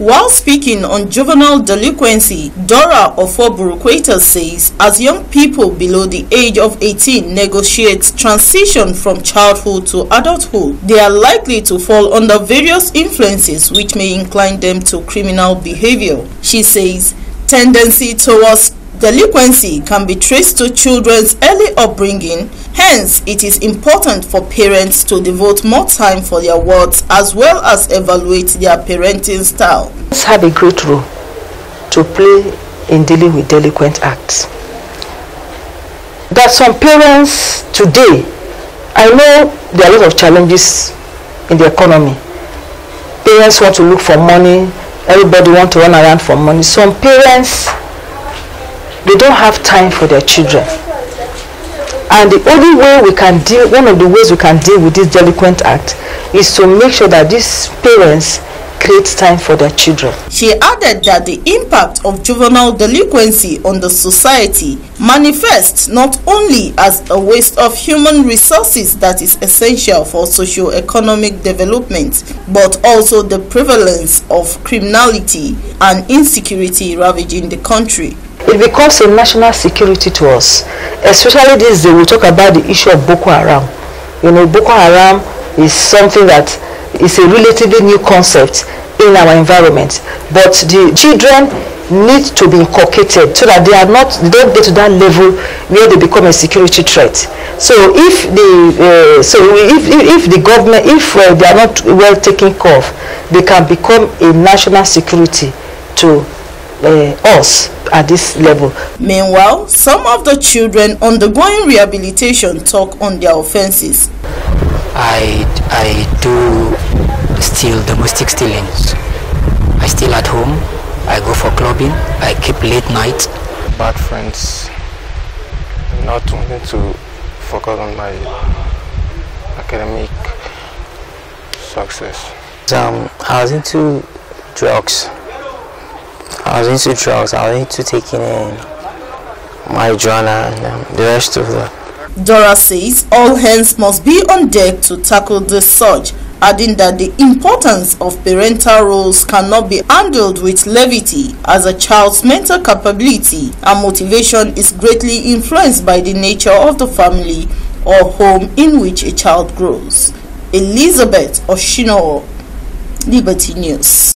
While speaking on juvenile delinquency, Dora Ofoburukweta says as young people below the age of 18 negotiate transition from childhood to adulthood, they are likely to fall under various influences which may incline them to criminal behavior. She says tendency towards Delinquency can be traced to children's early upbringing, hence it is important for parents to devote more time for their wards as well as evaluate their parenting style. have a great role to play in dealing with delinquent acts. There are some parents today, I know there are a lot of challenges in the economy. Parents want to look for money, everybody want to run around for money. Some parents they don't have time for their children. And the only way we can deal, one of the ways we can deal with this delinquent act is to make sure that these parents create time for their children. She added that the impact of juvenile delinquency on the society manifests not only as a waste of human resources that is essential for socio-economic development, but also the prevalence of criminality and insecurity ravaging the country it becomes a national security to us. Especially this day, we talk about the issue of Boko Haram. You know, Boko Haram is something that is a relatively new concept in our environment. But the children need to be inculcated so that they are not they don't get to that level where they become a security threat so if the uh, so if, if, if the government if uh, they are not well taken care of they can become a national security to uh, us at this level. Meanwhile, some of the children undergoing rehabilitation talk on their offenses. I, I do still domestic stealings. I steal at home, I go for clubbing, I keep late nights. Bad friends, not wanting to focus on my academic success. Um, I was into drugs I was into drugs. I was into taking in um, marijuana and um, the rest of the. Dora says all hands must be on deck to tackle this surge, adding that the importance of parental roles cannot be handled with levity as a child's mental capability and motivation is greatly influenced by the nature of the family or home in which a child grows. Elizabeth Oshino, Liberty News.